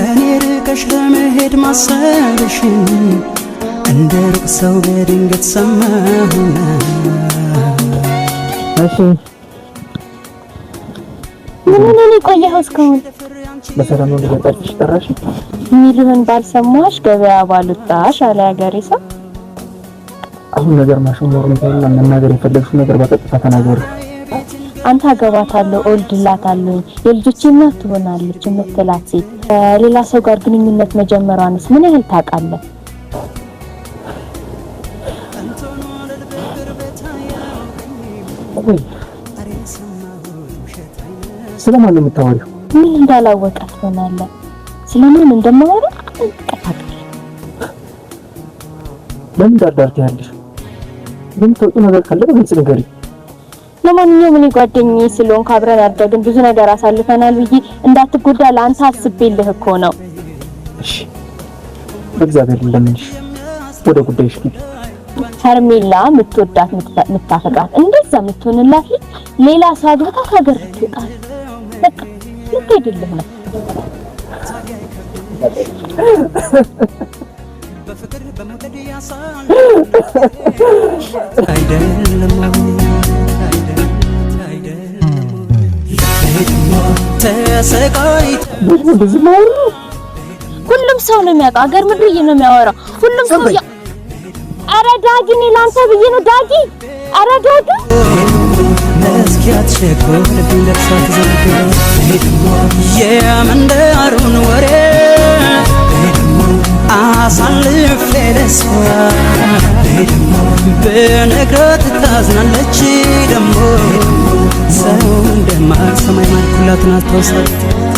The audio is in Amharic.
ከኔ ርቀሽ ለመሄድ ማሰብሽን እንደ ሩቅ ሰው በድንገት ሰማሁና እሺ ምን ምን ቆየሁ እስካሁን በሰላም ወደ ገጠርሽ ጠራሽ ሚልህን ባልሰማሽ ገበያ ባልወጣሽ አለ ያገሬ ሰው አሁን ነገር ማሽሞር ነው መናገር የፈለግሽው ነገር በቀጥታ ተናገር አንተ አገባታለሁ፣ እወልድላታለሁ፣ የልጆቼ እናት ትሆናለች የምትላት ሴት ከሌላ ሰው ጋር ግንኙነት መጀመሯንስ ምን ያህል ታውቃለህ? ቆይ ስለማን ነው የምታወሪው? ምን እንዳላወቀ ትሆናለህ? ስለማን እንደማወሪ ለምን ዳርዳር ትያለሽ? የምታውቂው ነገር ካለ በግልጽ ንገሪኝ። ለማንኛውም እኔ ጓደኛዬ ስለሆንክ አብረን አደግን ብዙ ነገር አሳልፈናል ብዬ እንዳትጎዳ ለአንተ አስቤልህ እኮ ነው። እሺ እግዚአብሔር ይለምንሽ። ወደ ጉዳይሽ ነው። ሄርሜላ የምትወዳት የምታፈቅራት እንደዛ የምትሆንላት ሌላ ሰው አግብታ ከሀገር ትወጣል። በቃ ልትሄድልህ ነው። አይደለም ሁሉም ሰው ነው የሚያውቀው። አገር ምድርዬ ነው የሚያወራው። ሁሉም ሰው አረ ዳጊ፣ እኔ ላንተ ብዬ ነው ዳጊ። አረ ዳጊ የመንደሩን ወሬ አሳልፌ ለእሷ ብነግራት ታዝናለች። i'm going